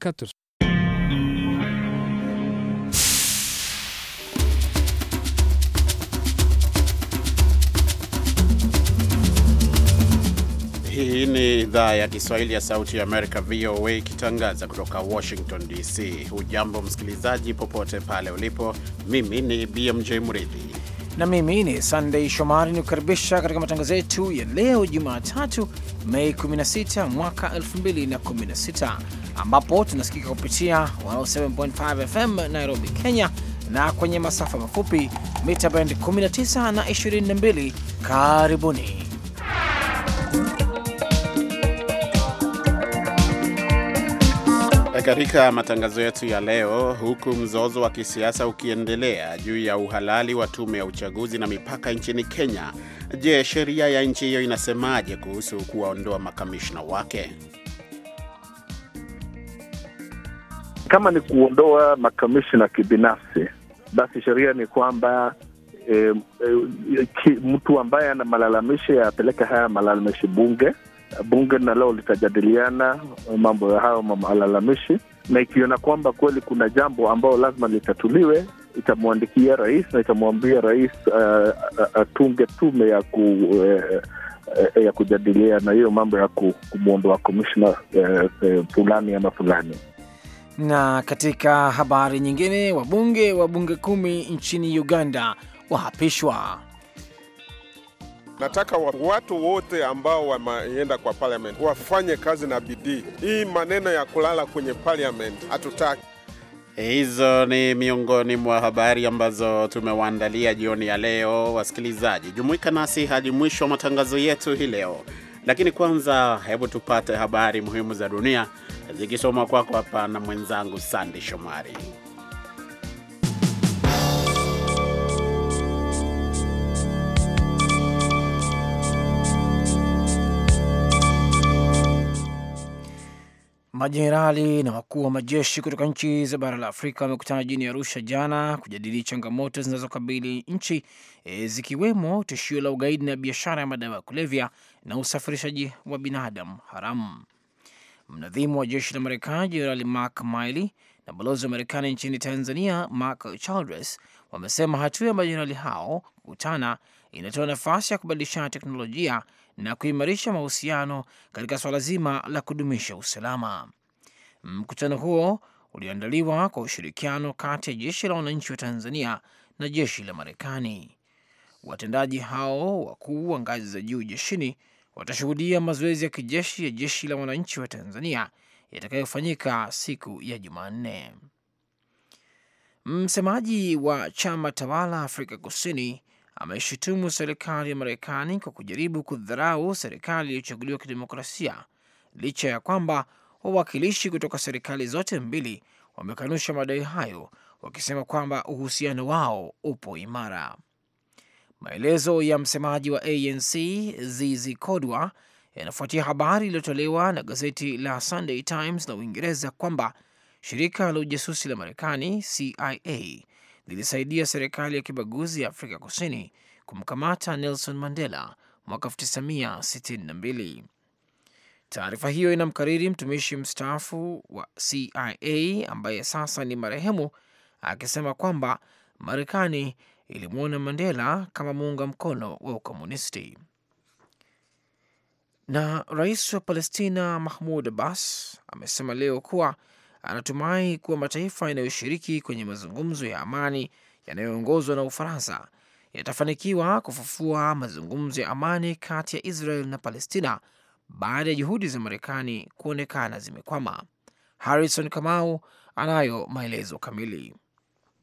4. Hii ni idhaa ya Kiswahili ya Sauti ya Amerika, VOA, ikitangaza kutoka Washington DC. Hujambo msikilizaji, popote pale ulipo. Mimi ni BMJ Mridhi na mimi ni Sunday Shomari ni kukaribisha katika matangazo yetu ya leo Jumatatu, Mei 16 mwaka 2016 ambapo tunasikika kupitia 107.5 FM Nairobi, Kenya, na kwenye masafa mafupi mita band 19 na 22. Karibuni. E, katika matangazo yetu ya leo, huku mzozo wa kisiasa ukiendelea juu ya uhalali wa tume ya uchaguzi na mipaka nchini Kenya, je, sheria ya nchi hiyo inasemaje kuhusu kuwaondoa makamishna wake? Kama ni kuondoa makamishina kibinafsi, basi sheria ni kwamba e, e, ki, mtu ambaye ana malalamishi yapeleke haya malalamishi bunge. Bunge nalo litajadiliana mambo ya hayo malalamishi, na ikiona kwamba kweli kuna jambo ambayo lazima litatuliwe itamwandikia rais na itamwambia rais atunge uh, eh, atunge tume ya ku uh, uh, ya kujadiliana hiyo mambo ya kumwondoa komishna fulani uh, uh, ama fulani. Na katika habari nyingine, wabunge wa bunge kumi nchini Uganda wahapishwa Nataka watu wote ambao wameenda kwa parliament wafanye kazi na bidii. Hii maneno ya kulala kwenye parliament hatutaki. Eh, hizo ni miongoni mwa habari ambazo tumewaandalia jioni ya leo. Wasikilizaji, jumuika nasi hadi mwisho wa matangazo yetu hii leo. Lakini kwanza, hebu tupate habari muhimu za dunia zikisoma kwako hapa na mwenzangu Sande Shomari. Majenerali na wakuu wa majeshi kutoka nchi za bara la Afrika wamekutana jijini Arusha jana kujadili changamoto zinazokabili nchi e, zikiwemo tishio la ugaidi na biashara ya madawa ya kulevya na usafirishaji wa binadamu haramu. Mnadhimu wa jeshi la Marekani Jenerali Mark Miley na balozi wa Marekani nchini Tanzania Mark Childress wamesema hatua ya majenerali hao kukutana inatoa nafasi ya kubadilishana teknolojia na kuimarisha mahusiano katika swala zima la kudumisha usalama. Mkutano huo ulioandaliwa kwa ushirikiano kati ya jeshi la wananchi wa Tanzania na jeshi la Marekani. Watendaji hao wakuu wa ngazi za juu jeshini watashuhudia mazoezi ya kijeshi ya jeshi la wananchi wa Tanzania yatakayofanyika siku ya Jumanne. Msemaji wa chama tawala Afrika Kusini ameshutumu serikali ya Marekani kwa kujaribu kudharau serikali iliyochaguliwa kidemokrasia licha ya kwamba wawakilishi kutoka serikali zote mbili wamekanusha madai hayo wakisema kwamba uhusiano wao upo imara. Maelezo ya msemaji wa ANC Zizi Kodwa yanafuatia habari iliyotolewa na gazeti la Sunday Times la Uingereza kwamba shirika la ujasusi la Marekani CIA lilisaidia serikali ya kibaguzi ya Afrika Kusini kumkamata Nelson Mandela mwaka 1962. Taarifa hiyo inamkariri mtumishi mstaafu wa CIA ambaye sasa ni marehemu akisema kwamba Marekani ilimwona Mandela kama muunga mkono wa ukomunisti. Na rais wa Palestina Mahmud Abbas amesema leo kuwa anatumai kuwa mataifa yanayoshiriki kwenye mazungumzo ya amani yanayoongozwa na Ufaransa yatafanikiwa kufufua mazungumzo ya amani kati ya Israel na Palestina baada ya juhudi za Marekani kuonekana zimekwama. Harrison Kamau anayo maelezo kamili.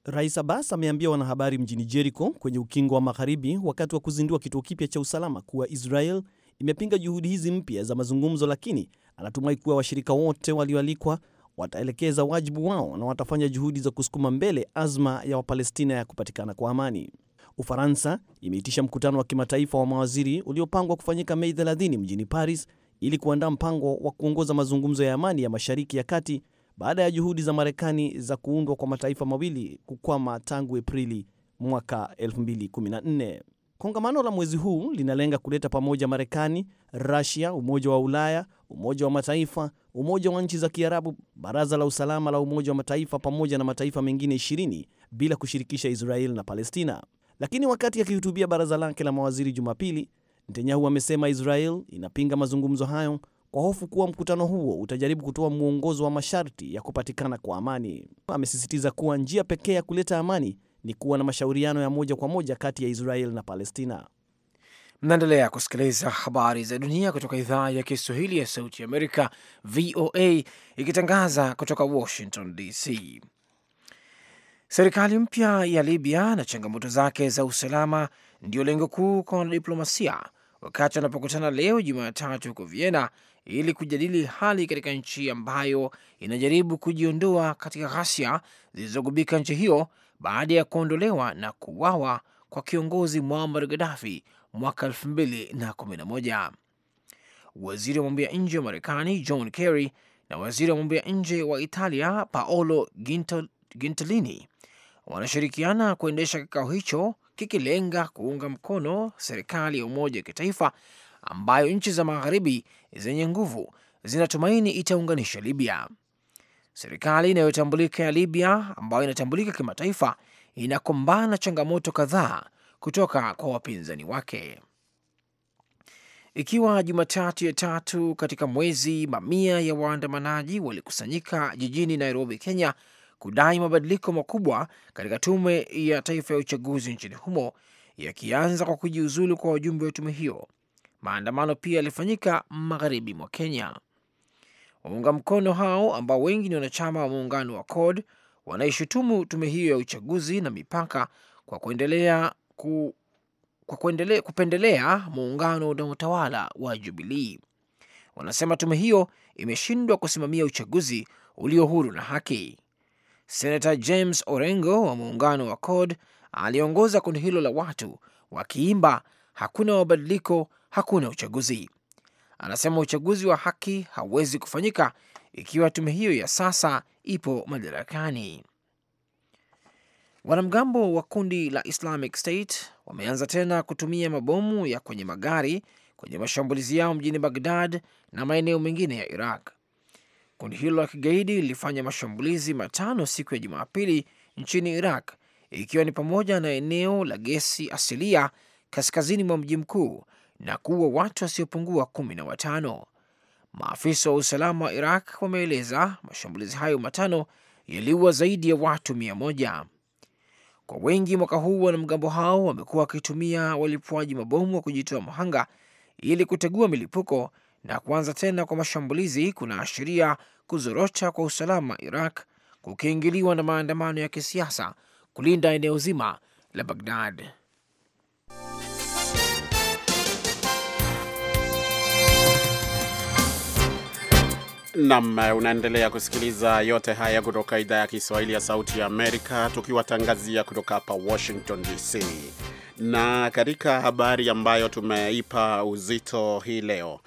Rais Abbas ameambia wanahabari mjini Jericho kwenye ukingo wa magharibi wakati wa kuzindua kituo kipya cha usalama kuwa Israel imepinga juhudi hizi mpya za mazungumzo, lakini anatumai kuwa washirika wote walioalikwa wataelekeza wajibu wao na watafanya juhudi za kusukuma mbele azma ya Wapalestina ya kupatikana kwa amani. Ufaransa imeitisha mkutano wa kimataifa wa mawaziri uliopangwa kufanyika Mei 30 mjini Paris ili kuandaa mpango wa kuongoza mazungumzo ya amani ya Mashariki ya Kati baada ya juhudi za Marekani za kuundwa kwa mataifa mawili kukwama tangu Aprili mwaka 2014. Kongamano la mwezi huu linalenga kuleta pamoja Marekani, Rusia, Umoja wa Ulaya, Umoja wa Mataifa, Umoja wa Nchi za Kiarabu, Baraza la Usalama la Umoja wa Mataifa pamoja na mataifa mengine 20 bila kushirikisha Israel na Palestina. Lakini wakati akihutubia baraza lake la mawaziri Jumapili, Netanyahu amesema Israel inapinga mazungumzo hayo kwa hofu kuwa mkutano huo utajaribu kutoa mwongozo wa masharti ya kupatikana kwa amani. Amesisitiza kuwa njia pekee ya kuleta amani ni kuwa na mashauriano ya moja kwa moja kati ya Israel na Palestina. Mnaendelea kusikiliza habari za dunia kutoka idhaa ya Kiswahili ya Sauti ya Amerika, VOA, ikitangaza kutoka Washington DC. Serikali mpya ya Libya na changamoto zake za usalama ndio lengo kuu kwa wanadiplomasia wakati wanapokutana leo Jumatatu huko Vienna ili kujadili hali katika nchi ambayo inajaribu kujiondoa katika ghasia zilizogubika nchi hiyo baada ya kuondolewa na kuuawa kwa kiongozi Muammar Gaddafi mwaka 2011. Waziri wa mambo ya nje wa Marekani John Kerry na waziri wa mambo ya nje wa Italia Paolo Gentiloni wanashirikiana kuendesha kikao hicho kikilenga kuunga mkono serikali ya umoja wa kitaifa ambayo nchi za magharibi zenye nguvu zinatumaini itaunganisha Libya. Serikali inayotambulika ya Libya ambayo inatambulika kimataifa inakumbana na changamoto kadhaa kutoka kwa wapinzani wake. Ikiwa Jumatatu ya tatu katika mwezi, mamia ya waandamanaji walikusanyika jijini Nairobi, Kenya, kudai mabadiliko makubwa katika tume ya taifa ya uchaguzi nchini humo, yakianza kwa kujiuzulu kwa wajumbe wa tume hiyo. Maandamano pia yalifanyika magharibi mwa Kenya. Waunga mkono hao ambao wengi ni wanachama wa muungano wa CORD wanaishutumu tume hiyo ya uchaguzi na mipaka kwa kuendelea, ku, kwa kuendelea kupendelea muungano na utawala wa Jubilii. Wanasema tume hiyo imeshindwa kusimamia uchaguzi ulio huru na haki. Senata James Orengo wa muungano wa CORD aliongoza kundi hilo la watu wakiimba, hakuna mabadiliko, hakuna uchaguzi anasema uchaguzi wa haki hauwezi kufanyika ikiwa tume hiyo ya sasa ipo madarakani. Wanamgambo wa kundi la Islamic State wameanza tena kutumia mabomu ya kwenye magari kwenye mashambulizi yao mjini Bagdad na maeneo mengine ya Iraq. Kundi hilo la kigaidi lilifanya mashambulizi matano siku ya Jumapili nchini Iraq, ikiwa ni pamoja na eneo la gesi asilia kaskazini mwa mji mkuu na kuwa watu wasiopungua kumi na watano. Maafisa wa usalama wa Iraq wameeleza mashambulizi hayo matano yaliua zaidi ya watu mia moja. Kwa wengi mwaka huu, wanamgambo hao wamekuwa wakitumia walipuaji mabomu wa kujitoa mhanga ili kutegua milipuko, na kuanza tena kwa mashambulizi kunaashiria kuzorota kwa usalama Iraq, kukiingiliwa na maandamano ya kisiasa kulinda eneo zima la Bagdad. Nam, unaendelea kusikiliza yote haya kutoka idhaa ya Kiswahili ya Sauti ya Amerika, tukiwatangazia kutoka hapa Washington DC. Na katika habari ambayo tumeipa uzito hii leo,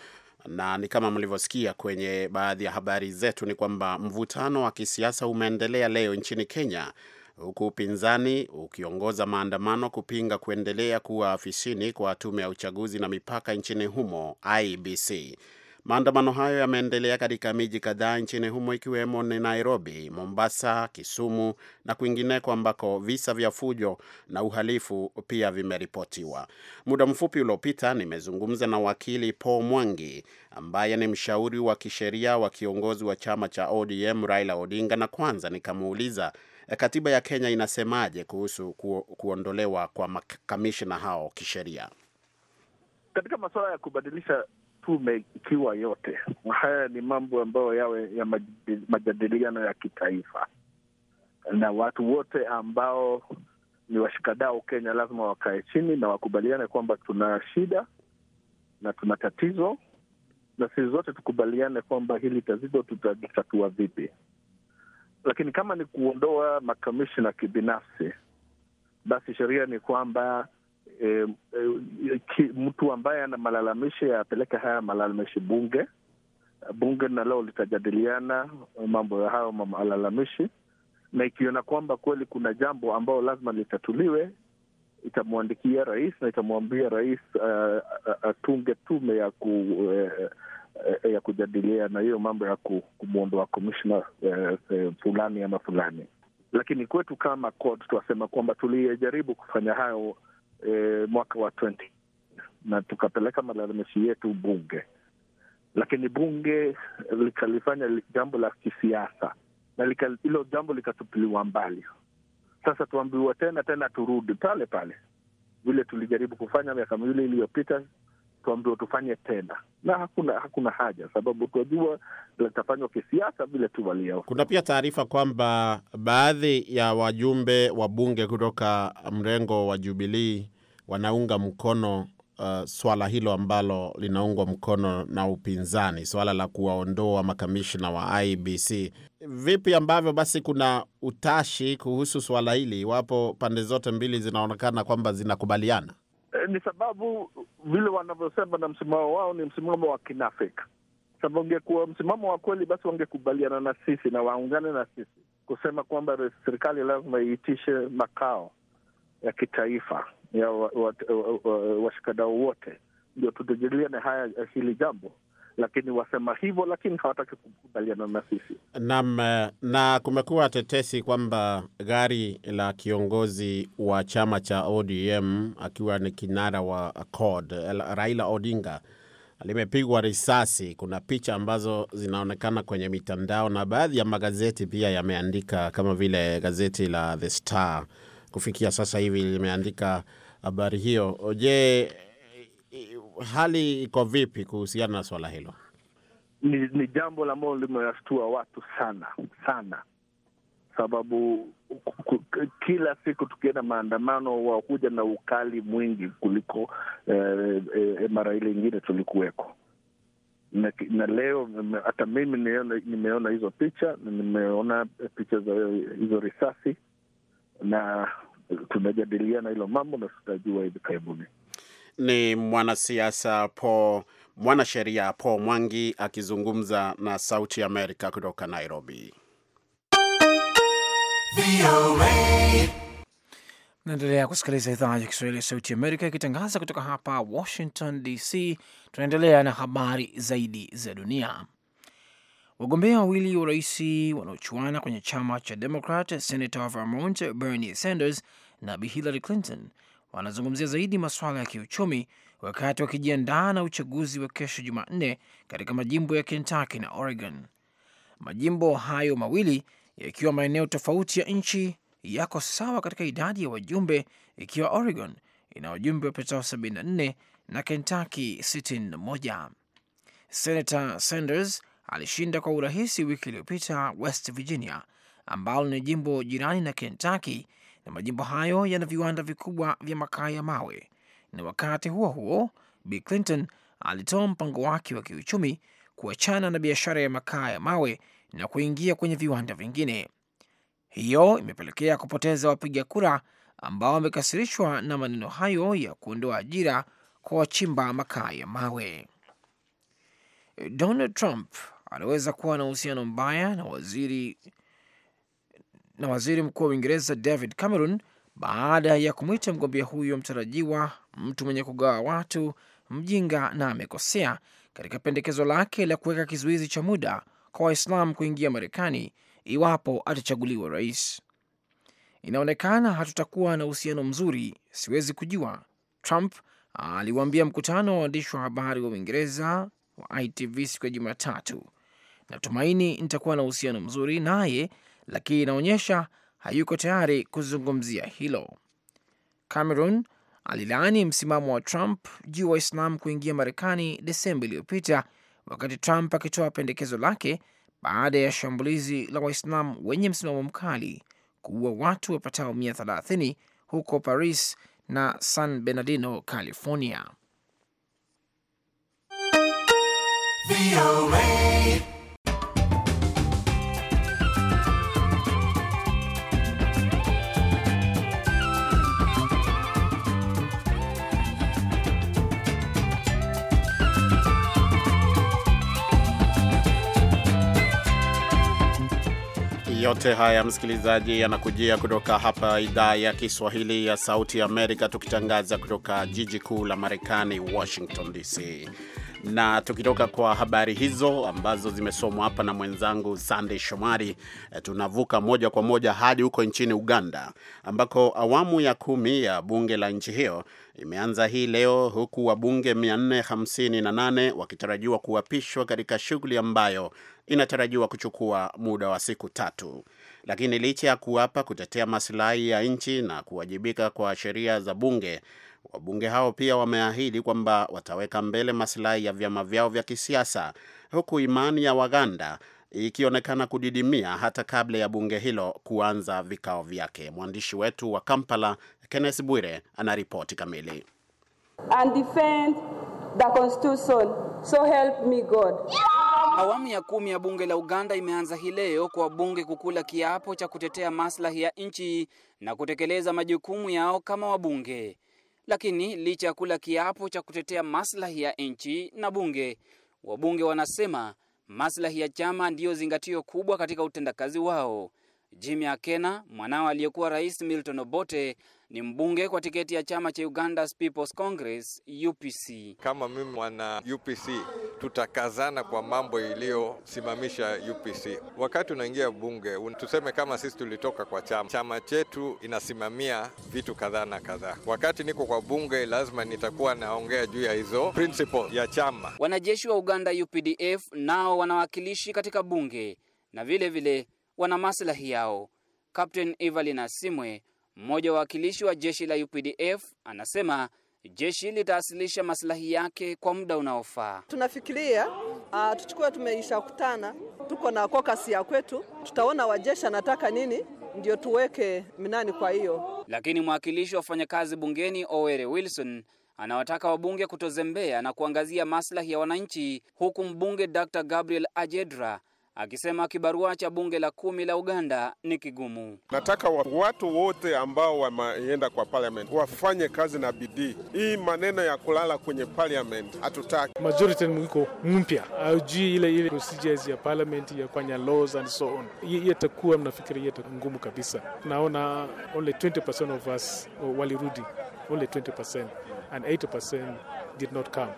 na ni kama mlivyosikia kwenye baadhi ya habari zetu, ni kwamba mvutano wa kisiasa umeendelea leo nchini Kenya, huku upinzani ukiongoza maandamano kupinga kuendelea kuwa afisini kwa tume ya uchaguzi na mipaka nchini humo IBC. Maandamano hayo yameendelea katika miji kadhaa nchini humo ikiwemo ni Nairobi, Mombasa, Kisumu na kwingineko ambako visa vya fujo na uhalifu pia vimeripotiwa. Muda mfupi uliopita nimezungumza na wakili Paul Mwangi ambaye ni mshauri wa kisheria wa kiongozi wa chama cha ODM Raila Odinga, na kwanza nikamuuliza eh, katiba ya Kenya inasemaje kuhusu ku, kuondolewa kwa makamishna hao kisheria katika masuala ya kubadilisha tume ikiwa yote. Haya ni mambo ambayo yawe ya majadiliano ya kitaifa, na watu wote ambao ni washikadau Kenya lazima wakae chini na wakubaliane kwamba tuna shida na tuna tatizo, na sisi zote tukubaliane kwamba hili tatizo tutalitatua vipi. Lakini kama ni kuondoa makamishina kibinafsi, basi sheria ni kwamba eh, eh, mtu ambaye ana malalamishi yapeleke haya malalamishi bunge. Bunge nalo litajadiliana mambo ya hayo malalamishi, na ikiona kwamba kweli kuna jambo ambayo lazima litatuliwe, itamwandikia rais na itamwambia rais eh, eh, atunge tume ya ku eh, ya kujadiliana hiyo mambo ya kumwondoa komishna fulani ama fulani. Lakini kwetu kama court twasema kwamba tuliyejaribu kufanya hayo e, mwaka wa 20 na tukapeleka malalamishi yetu bunge, lakini bunge likalifanya jambo la kisiasa na hilo jambo likatupiliwa mbali. Sasa tuambiwa tena tena turudi pale pale vile tulijaribu kufanya miaka miwili iliyopita, tuambiwa tufanye tena, na hakuna hakuna haja, sababu tunajua litafanywa kisiasa vile tu walia. Kuna pia taarifa kwamba baadhi ya wajumbe wa bunge kutoka mrengo wa Jubilii wanaunga mkono uh, swala hilo ambalo linaungwa mkono na upinzani, swala la kuwaondoa makamishna wa IBC. Vipi ambavyo basi kuna utashi kuhusu swala hili, iwapo pande zote mbili zinaonekana kwamba zinakubaliana? ni sababu vile wanavyosema na msimamo wao ni msimamo wa kinafiki. Sababu wangekuwa msimamo wa kweli, basi wangekubaliana na sisi na waungane na sisi kusema kwamba serikali lazima iitishe makao ya kitaifa ya washikadau wa, wa, wa, wa wote, ndio tutajadiliane haya hili jambo lakini wasema hivyo, lakini hawataki kukubaliana na sisi. Naam, eh, na kumekuwa tetesi kwamba gari la kiongozi wa chama cha ODM akiwa ni kinara wa CORD eh, Raila Odinga limepigwa risasi. Kuna picha ambazo zinaonekana kwenye mitandao na baadhi ya magazeti pia yameandika, kama vile gazeti la The Star kufikia sasa hivi limeandika habari hiyo. Je, hali iko vipi kuhusiana na swala hilo? Ni, ni jambo la ambalo limewashtua watu sana sana, sababu kila siku tukienda maandamano wakuja na ukali mwingi kuliko eh, eh, mara ile ingine tulikuweko na, na leo hata mimi nimeona hizo picha, nimeona picha za hizo risasi, na tunajadiliana hilo mambo na tutajua hivi karibuni. Ni mwanasiasa po mwanasheria po Mwangi akizungumza na Sauti Amerika kutoka Nairobi. Naendelea kusikiliza idhaa ya Kiswahili ya Sauti Amerika ikitangaza kutoka hapa Washington DC. Tunaendelea na habari zaidi za dunia. Wagombea wawili wa rais wanaochuana kwenye chama cha Demokrat, senator wa Vermont Bernie Sanders na Bi Hillary Clinton wanazungumzia zaidi masuala ya kiuchumi wakati wakijiandaa na uchaguzi wa kesho Jumanne katika majimbo ya Kentucky na Oregon. Majimbo hayo mawili yakiwa maeneo tofauti ya nchi yako sawa katika idadi ya wajumbe, ikiwa Oregon ina wajumbe wapatao 74 na Kentucky 61. Senator Sanders alishinda kwa urahisi wiki iliyopita West Virginia, ambalo ni jimbo jirani na Kentucky na majimbo hayo yana viwanda vikubwa vya makaa ya mawe. Na wakati huo huo, Bi Clinton alitoa mpango wake wa kiuchumi kuachana na biashara ya makaa ya mawe na kuingia kwenye viwanda vingine. Hiyo imepelekea kupoteza wapiga kura ambao wamekasirishwa na maneno hayo ya kuondoa ajira kwa wachimba makaa ya mawe. Donald Trump anaweza kuwa na uhusiano mbaya na waziri na waziri mkuu wa Uingereza David Cameron baada ya kumwita mgombea huyo mtarajiwa mtu mwenye kugawa watu, mjinga na amekosea katika pendekezo lake la kuweka kizuizi cha muda kwa Waislam kuingia Marekani iwapo atachaguliwa rais. Inaonekana hatutakuwa na uhusiano mzuri, siwezi kujua, Trump aliwaambia mkutano wa waandishi wa habari wa Uingereza wa ITV siku ya Jumatatu. Natumaini nitakuwa na uhusiano mzuri naye lakini inaonyesha hayuko tayari kuzungumzia hilo. Cameron alilaani msimamo wa Trump juu wa Islam kuingia Marekani Desemba iliyopita, wakati Trump akitoa pendekezo lake baada ya shambulizi la waislam wenye msimamo mkali kuua watu wapatao 130 huko Paris na San Bernardino, California. Yote haya msikilizaji, yanakujia kutoka hapa idhaa ya Kiswahili ya Sauti Amerika, tukitangaza kutoka jiji kuu la Marekani, Washington DC. Na tukitoka kwa habari hizo ambazo zimesomwa hapa na mwenzangu Sandey Shomari, eh, tunavuka moja kwa moja hadi huko nchini Uganda ambako awamu ya kumi ya bunge la nchi hiyo imeanza hii leo, huku wabunge 458 wakitarajiwa kuapishwa katika shughuli ambayo inatarajiwa kuchukua muda wa siku tatu. Lakini licha ya kuapa kutetea masilahi ya nchi na kuwajibika kwa sheria za bunge Wabunge hao pia wameahidi kwamba wataweka mbele masilahi ya vyama vyao vya kisiasa, huku imani ya Waganda ikionekana kudidimia hata kabla ya bunge hilo kuanza vikao vyake. Mwandishi wetu wa Kampala, Kenneth Bwire, anaripoti kamili. And defend the constitution. So help me God. Awamu ya kumi ya bunge la Uganda imeanza hii leo kwa wabunge kukula kiapo cha kutetea maslahi ya nchi na kutekeleza majukumu yao kama wabunge. Lakini licha ya kula kiapo cha kutetea maslahi ya nchi na bunge, wabunge wanasema maslahi ya chama ndiyo zingatio kubwa katika utendakazi wao. Jimmy Akena, mwanao aliyekuwa rais Milton Obote, ni mbunge kwa tiketi ya chama cha Uganda's People's Congress UPC. Kama mimi mwana UPC tutakazana kwa mambo iliyosimamisha UPC. Wakati unaingia bunge, tuseme kama sisi tulitoka kwa chama, chama chetu inasimamia vitu kadhaa na kadhaa. Wakati niko kwa bunge, lazima nitakuwa naongea juu ya hizo principle ya chama. Wanajeshi wa Uganda UPDF nao wanawakilishi katika bunge na vile vile wana maslahi yao. Captain Evelyn asimwe mmoja wa wakilishi wa jeshi la UPDF, anasema jeshi litawasilisha maslahi yake kwa muda unaofaa. Tunafikiria uh, tuchukue, tumeisha kutana, tuko na kokasi ya kwetu, tutaona wajeshi anataka nini ndio tuweke minani. Kwa hiyo lakini mwakilishi wa wafanyakazi bungeni Owere Wilson anawataka wabunge kutozembea na kuangazia maslahi ya wananchi, huku mbunge Dr. Gabriel Ajedra akisema kibarua cha bunge la kumi la Uganda ni kigumu. Nataka watu wote ambao wameenda kwa parliament wafanye kazi na bidii. Hii maneno ya kulala kwenye parliament hatutaki. Majority mwiko mpya ajui ile ile procedures ya parliament ya kufanya laws and so on, hiyo itakuwa mnafikiri hiyo ngumu kabisa. Naona only 20% of us walirudi, only 20% and 80% did not come.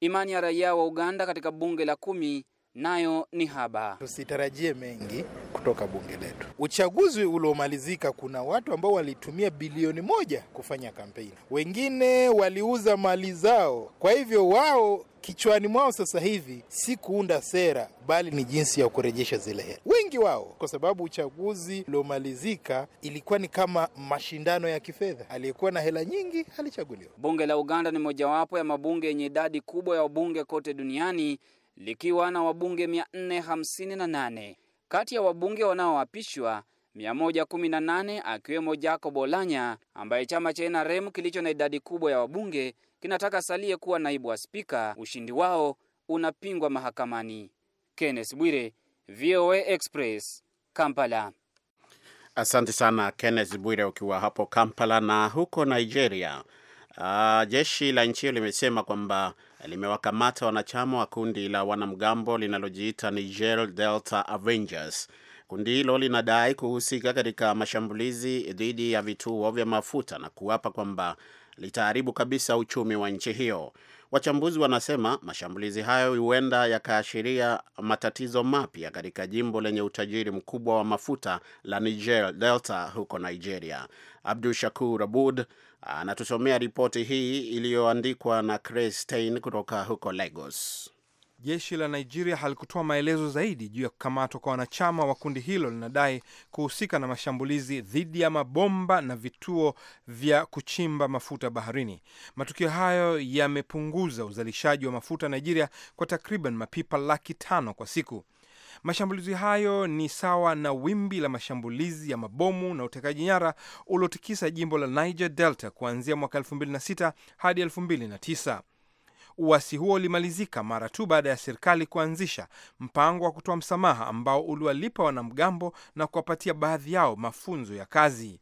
Imani ya raia wa Uganda katika bunge la kumi nayo ni haba. Tusitarajie mengi kutoka bunge letu. Uchaguzi uliomalizika, kuna watu ambao walitumia bilioni moja kufanya kampeni, wengine waliuza mali zao. Kwa hivyo wao kichwani mwao sasa hivi si kuunda sera, bali ni jinsi ya kurejesha zile hela, wengi wao, kwa sababu uchaguzi uliomalizika ilikuwa ni kama mashindano ya kifedha. Aliyekuwa na hela nyingi alichaguliwa. Bunge la Uganda ni mojawapo ya mabunge yenye idadi kubwa ya wabunge kote duniani likiwa na wabunge 458 kati ya wabunge wanaoapishwa 118 akiwemo Jacob Olanya ambaye chama cha NRM kilicho na idadi kubwa ya wabunge kinataka salie kuwa naibu wa spika. Ushindi wao unapingwa mahakamani. Kenneth Bwire, VOA Express, Kampala. Asante sana Kenneth Bwire ukiwa hapo Kampala. Na huko Nigeria, uh, jeshi la nchi hiyo limesema kwamba limewakamata wanachama wa kundi la wanamgambo linalojiita Niger Delta Avengers. Kundi hilo linadai kuhusika katika mashambulizi dhidi ya vituo vya mafuta na kuapa kwamba litaharibu kabisa uchumi wa nchi hiyo. Wachambuzi wanasema mashambulizi hayo huenda yakaashiria matatizo mapya katika jimbo lenye utajiri mkubwa wa mafuta la Niger Delta huko Nigeria. Abdu Shakur Abud anatusomea ripoti hii iliyoandikwa na Craig Stein kutoka huko Lagos. Jeshi la Nigeria halikutoa maelezo zaidi juu ya kukamatwa kwa wanachama wa kundi hilo linadai kuhusika na mashambulizi dhidi ya mabomba na vituo vya kuchimba mafuta baharini. Matukio hayo yamepunguza uzalishaji wa mafuta Nigeria kwa takriban mapipa laki tano kwa siku. Mashambulizi hayo ni sawa na wimbi la mashambulizi ya mabomu na utekaji nyara uliotikisa jimbo la Niger Delta kuanzia mwaka 2006 hadi 2009. Uasi huo ulimalizika mara tu baada ya serikali kuanzisha mpango wa kutoa msamaha ambao uliwalipa wanamgambo na kuwapatia baadhi yao mafunzo ya kazi.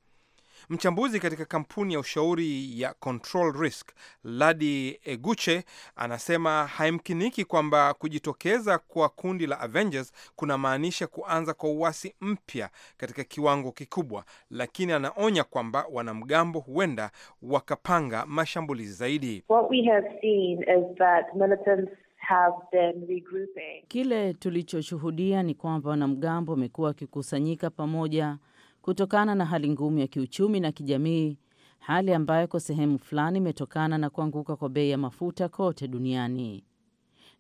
Mchambuzi katika kampuni ya ushauri ya Control Risk, Ladi Eguche, anasema haimkiniki kwamba kujitokeza kwa kundi la Avengers kuna maanisha kuanza kwa uasi mpya katika kiwango kikubwa, lakini anaonya kwamba wanamgambo huenda wakapanga mashambulizi zaidi. What we have seen is that militants Kile tulichoshuhudia ni kwamba wanamgambo wamekuwa wakikusanyika pamoja kutokana na hali ngumu ya kiuchumi na kijamii, hali ambayo kwa sehemu fulani imetokana na kuanguka kwa bei ya mafuta kote duniani.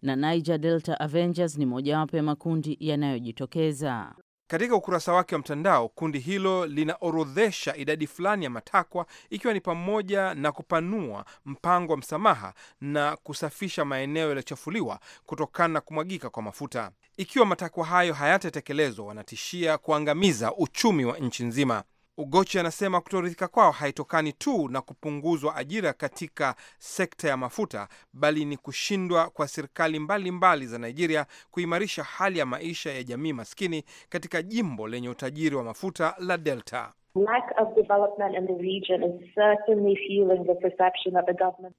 Na Niger Delta Avengers ni mojawapo ya makundi yanayojitokeza. Katika ukurasa wake wa mtandao, kundi hilo linaorodhesha idadi fulani ya matakwa ikiwa ni pamoja na kupanua mpango wa msamaha na kusafisha maeneo yaliyochafuliwa kutokana na kumwagika kwa mafuta. Ikiwa matakwa hayo hayatatekelezwa, wanatishia kuangamiza uchumi wa nchi nzima. Ugochi anasema kutoridhika kwao haitokani tu na kupunguzwa ajira katika sekta ya mafuta, bali ni kushindwa kwa serikali mbalimbali za Nigeria kuimarisha hali ya maisha ya jamii maskini katika jimbo lenye utajiri wa mafuta la Delta.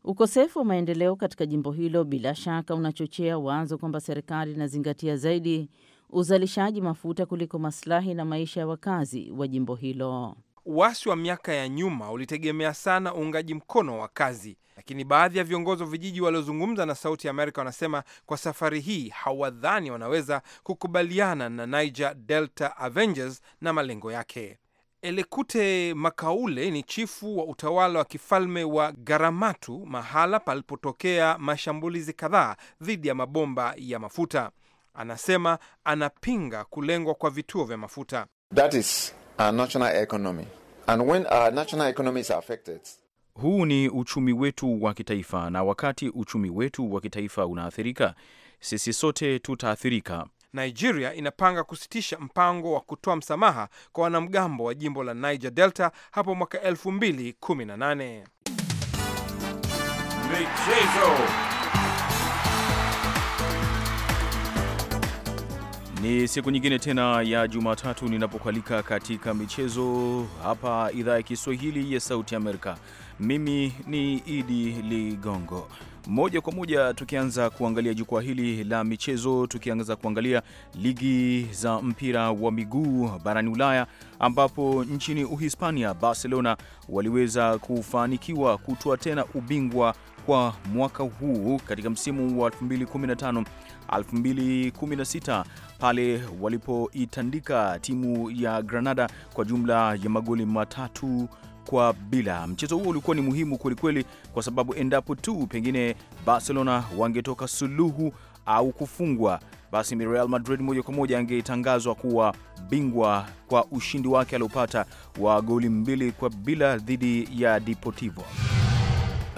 Ukosefu wa maendeleo katika jimbo hilo bila shaka unachochea wazo kwamba serikali inazingatia zaidi uzalishaji mafuta kuliko maslahi na maisha ya wakazi wa jimbo hilo. Uasi wa miaka ya nyuma ulitegemea sana uungaji mkono wa kazi, lakini baadhi ya viongozi wa vijiji waliozungumza na Sauti ya Amerika wanasema kwa safari hii hawadhani wanaweza kukubaliana na Niger Delta Avengers na malengo yake. Elekute Makaule ni chifu wa utawala wa kifalme wa Garamatu, mahala palipotokea mashambulizi kadhaa dhidi ya mabomba ya mafuta. Anasema anapinga kulengwa kwa vituo vya mafuta. That is our national economy. And when our national economy is affected... huu ni uchumi wetu wa kitaifa, na wakati uchumi wetu wa kitaifa unaathirika, sisi sote tutaathirika. Nigeria inapanga kusitisha mpango wa kutoa msamaha kwa wanamgambo wa jimbo la Niger Delta hapo mwaka 2018. Michezo. Ni siku nyingine tena ya Jumatatu ninapokualika katika michezo hapa idhaa ya Kiswahili ya Sauti Amerika. Mimi ni Idi Ligongo. Moja kwa moja tukianza kuangalia jukwaa hili la michezo, tukianza kuangalia ligi za mpira wa miguu barani Ulaya, ambapo nchini Uhispania Barcelona waliweza kufanikiwa kutoa tena ubingwa kwa mwaka huu katika msimu wa 2015 2016 pale walipoitandika timu ya Granada kwa jumla ya magoli matatu kwa bila. Mchezo huo ulikuwa ni muhimu kwelikweli, kwa sababu endapo tu pengine Barcelona wangetoka suluhu au kufungwa, basi Real Madrid moja kwa moja angetangazwa kuwa bingwa kwa ushindi wake aliopata wa goli mbili kwa bila dhidi ya Deportivo.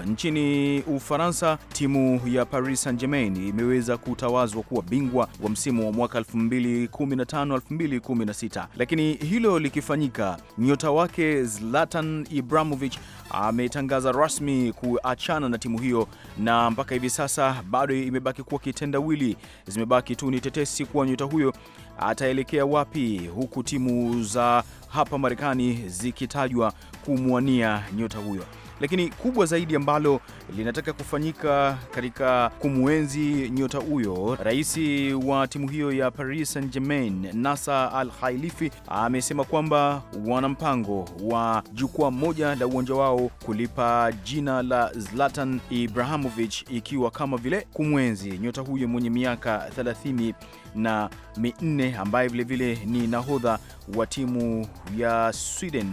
Nchini Ufaransa, timu ya Paris Saint-Germain imeweza kutawazwa kuwa bingwa wa msimu wa mwaka 2015-2016, lakini hilo likifanyika, nyota wake Zlatan Ibrahimovic ametangaza rasmi kuachana na timu hiyo, na mpaka hivi sasa bado imebaki kuwa kitendawili. Zimebaki tu ni tetesi kuwa nyota huyo ataelekea wapi, huku timu za hapa Marekani zikitajwa kumwania nyota huyo lakini kubwa zaidi ambalo linataka kufanyika katika kumwenzi nyota huyo, rais wa timu hiyo ya Paris Saint-Germain Nasser Al-Khelaifi amesema kwamba wana mpango wa jukwaa moja la uwanja wao kulipa jina la Zlatan Ibrahimovic ikiwa kama vile kumwenzi nyota huyo mwenye miaka 30 na minne ambaye vilevile ni nahodha wa timu ya Sweden.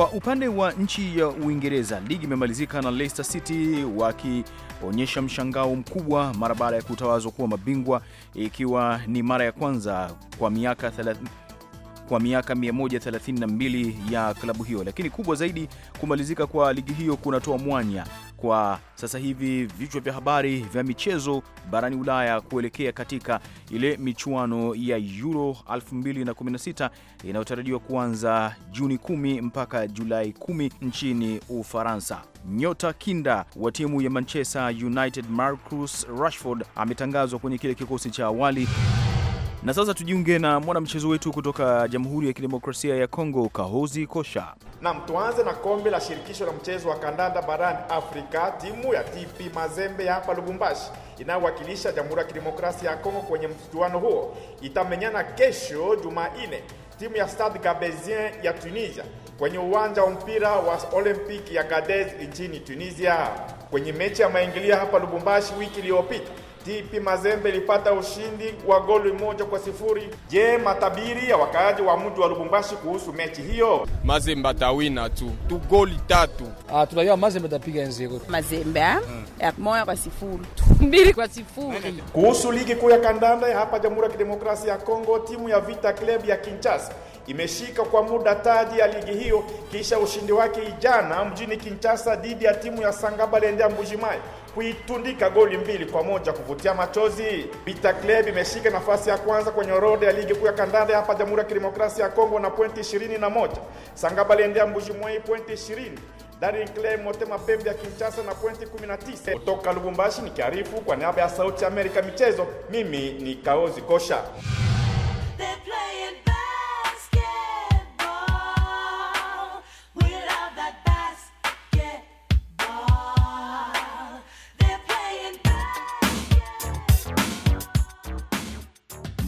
Kwa upande wa nchi ya Uingereza, ligi imemalizika na Leicester City wakionyesha mshangao mkubwa mara baada ya kutawazwa kuwa mabingwa, ikiwa ni mara ya kwanza kwa miaka kwa miaka 132 ya klabu hiyo, lakini kubwa zaidi, kumalizika kwa ligi hiyo kunatoa mwanya kwa sasa hivi vichwa vya habari vya michezo barani Ulaya kuelekea katika ile michuano ya Euro 2016 inayotarajiwa kuanza Juni 10 mpaka Julai 10 nchini Ufaransa. Nyota kinda wa timu ya Manchester United Marcus Rashford ametangazwa kwenye kile kikosi cha awali na sasa tujiunge na mwanamchezo wetu kutoka Jamhuri ya Kidemokrasia ya Kongo, Kahozi Kosha. Nam, tuanze na kombe la shirikisho la mchezo wa kandanda barani Afrika. Timu ya TP Mazembe ya hapa Lubumbashi inayowakilisha Jamhuri ya Kidemokrasia ya Kongo kwenye mchuano huo itamenyana kesho Jumanne timu ya Stade Gabesien ya Tunisia kwenye uwanja wa mpira wa Olympic ya gades nchini Tunisia kwenye mechi ya maingilia hapa Lubumbashi wiki iliyopita. TP Mazembe ilipata ushindi wa goli moja kwa sifuri. Je, matabiri ya wakaaji wa mji wa Lubumbashi kuhusu mechi hiyo? Mazembe tawina tu tu goli tatu. Ah, tunajua Mazembe atapiga nziko. Mazembe ah? hmm. ya moja kwa sifuri mbili kwa sifuri. Kuhusu ligi kuu ya kandanda ya hapa Jamhuri ya Kidemokrasia ya Kongo, timu ya Vita Club ya Kinshasa imeshika kwa muda taji ya ligi hiyo kisha ushindi wake ijana mjini Kinshasa dhidi ya timu ya Sangaba ya Mbujimai kuitundika goli mbili kwa moja kuvutia machozi. Vita Club imeshika nafasi ya kwanza kwenye orodha ya ligi kuu ya kandanda hapa Jamhuri ya Kidemokrasia ya Kongo na pointi 21. Sangaba aliendea Mbuji Mwei pointi 20. Daring Club Motema Pembe ya Kinshasa na pointi 19. Kutoka Lubumbashi nikiarifu kwa niaba ya Sauti ya Amerika michezo, mimi ni Kaozi Kosha.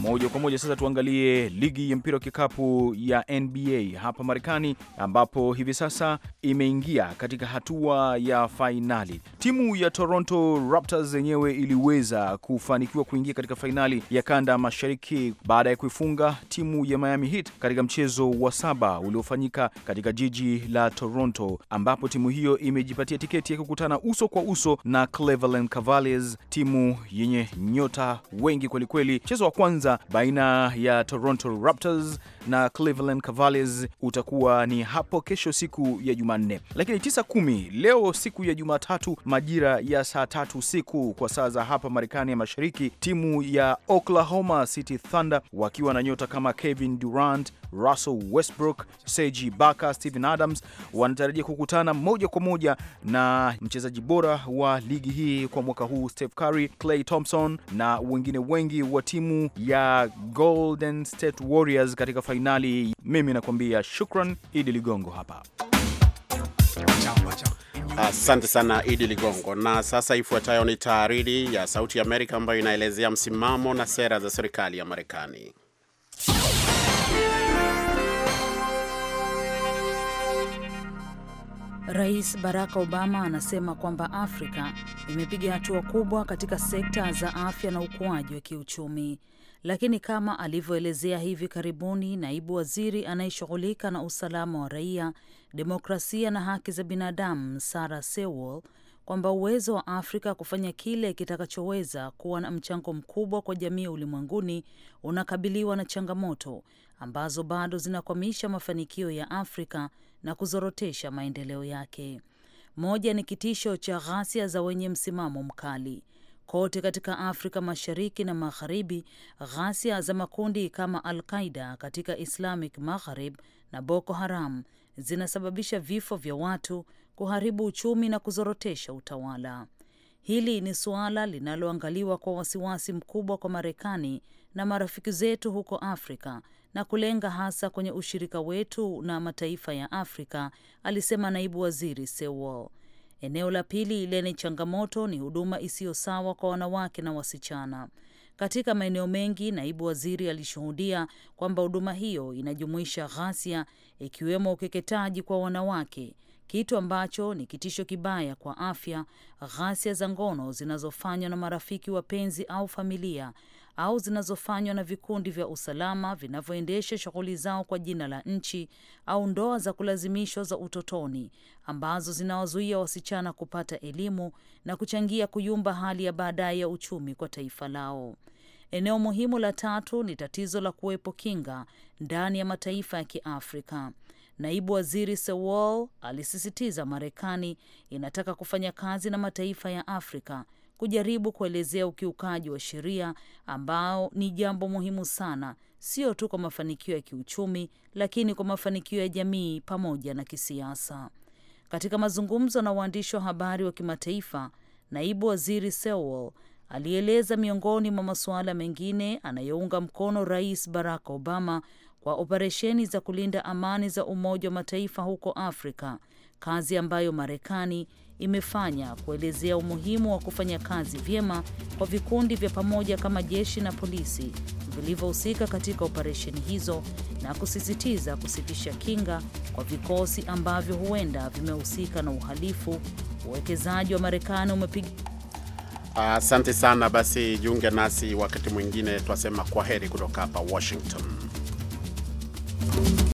Moja kwa moja sasa tuangalie ligi ya mpira wa kikapu ya NBA hapa Marekani, ambapo hivi sasa imeingia katika hatua ya fainali. Timu ya Toronto Raptors yenyewe iliweza kufanikiwa kuingia katika fainali ya kanda mashariki baada ya kuifunga timu ya Miami Heat katika mchezo wa saba uliofanyika katika jiji la Toronto, ambapo timu hiyo imejipatia tiketi ya kukutana uso kwa uso na Cleveland Cavaliers, timu yenye nyota wengi kwelikweli. Mchezo wa kwanza baina ya Toronto Raptors na Cleveland Cavaliers utakuwa ni hapo kesho siku ya Jumanne, lakini kumi leo siku ya Jumatatu majira ya saa tatu usiku kwa saa za hapa Marekani ya Mashariki, timu ya Oklahoma City Thunder wakiwa na nyota kama Kevin Durant, Russell Westbrook, Serge Ibaka, Steven Adams wanatarajia kukutana moja kwa moja na mchezaji bora wa ligi hii kwa mwaka huu Steph Curry, Klay Thompson na wengine wengi wa timu ya Golden State Warriors katika fainali. Mimi nakuambia shukran, Idi Ligongo hapa. Asante sana Idi Ligongo. Na sasa ifuatayo ni tahariri ya Sauti ya Amerika ambayo inaelezea msimamo na sera za serikali ya Marekani. Rais Barack Obama anasema kwamba Afrika imepiga hatua kubwa katika sekta za afya na ukuaji wa kiuchumi. Lakini kama alivyoelezea hivi karibuni naibu waziri anayeshughulika na usalama wa raia, demokrasia na haki za binadamu, Sarah Sewall, kwamba uwezo wa Afrika kufanya kile kitakachoweza kuwa na mchango mkubwa kwa jamii ulimwenguni unakabiliwa na changamoto ambazo bado zinakwamisha mafanikio ya Afrika na kuzorotesha maendeleo yake. Moja ni kitisho cha ghasia za wenye msimamo mkali. Kote katika Afrika Mashariki na Magharibi, ghasia za makundi kama Al Qaida katika Islamic Maghreb na Boko Haram zinasababisha vifo vya watu, kuharibu uchumi na kuzorotesha utawala. Hili ni suala linaloangaliwa kwa wasiwasi mkubwa kwa Marekani na marafiki zetu huko Afrika na kulenga hasa kwenye ushirika wetu na mataifa ya Afrika, alisema naibu waziri Sewol. Eneo la pili lenye changamoto ni huduma isiyo sawa kwa wanawake na wasichana. Katika maeneo mengi, naibu waziri alishuhudia kwamba huduma hiyo inajumuisha ghasia, ikiwemo ukeketaji kwa wanawake, kitu ambacho ni kitisho kibaya kwa afya, ghasia za ngono zinazofanywa na marafiki, wapenzi au familia, au zinazofanywa na vikundi vya usalama vinavyoendesha shughuli zao kwa jina la nchi au ndoa za kulazimishwa za utotoni ambazo zinawazuia wasichana kupata elimu na kuchangia kuyumba hali ya baadaye ya uchumi kwa taifa lao. Eneo muhimu la tatu ni tatizo la kuwepo kinga ndani ya mataifa ya Kiafrika. Naibu Waziri Sewol alisisitiza Marekani inataka kufanya kazi na mataifa ya Afrika kujaribu kuelezea ukiukaji wa sheria ambao ni jambo muhimu sana, sio tu kwa mafanikio ya kiuchumi, lakini kwa mafanikio ya jamii pamoja na kisiasa. Katika mazungumzo na waandishi wa habari wa kimataifa, naibu waziri sewol alieleza miongoni mwa masuala mengine anayounga mkono Rais Barack Obama kwa operesheni za kulinda amani za Umoja wa Mataifa huko Afrika, kazi ambayo Marekani imefanya kuelezea umuhimu wa kufanya kazi vyema kwa vikundi vya pamoja kama jeshi na polisi vilivyohusika katika operesheni hizo na kusisitiza kusitisha kinga kwa vikosi ambavyo huenda vimehusika na uhalifu. Uwekezaji wa Marekani umepiga Asante uh, sana. Basi jiunge nasi wakati mwingine, twasema kwa heri kutoka hapa Washington.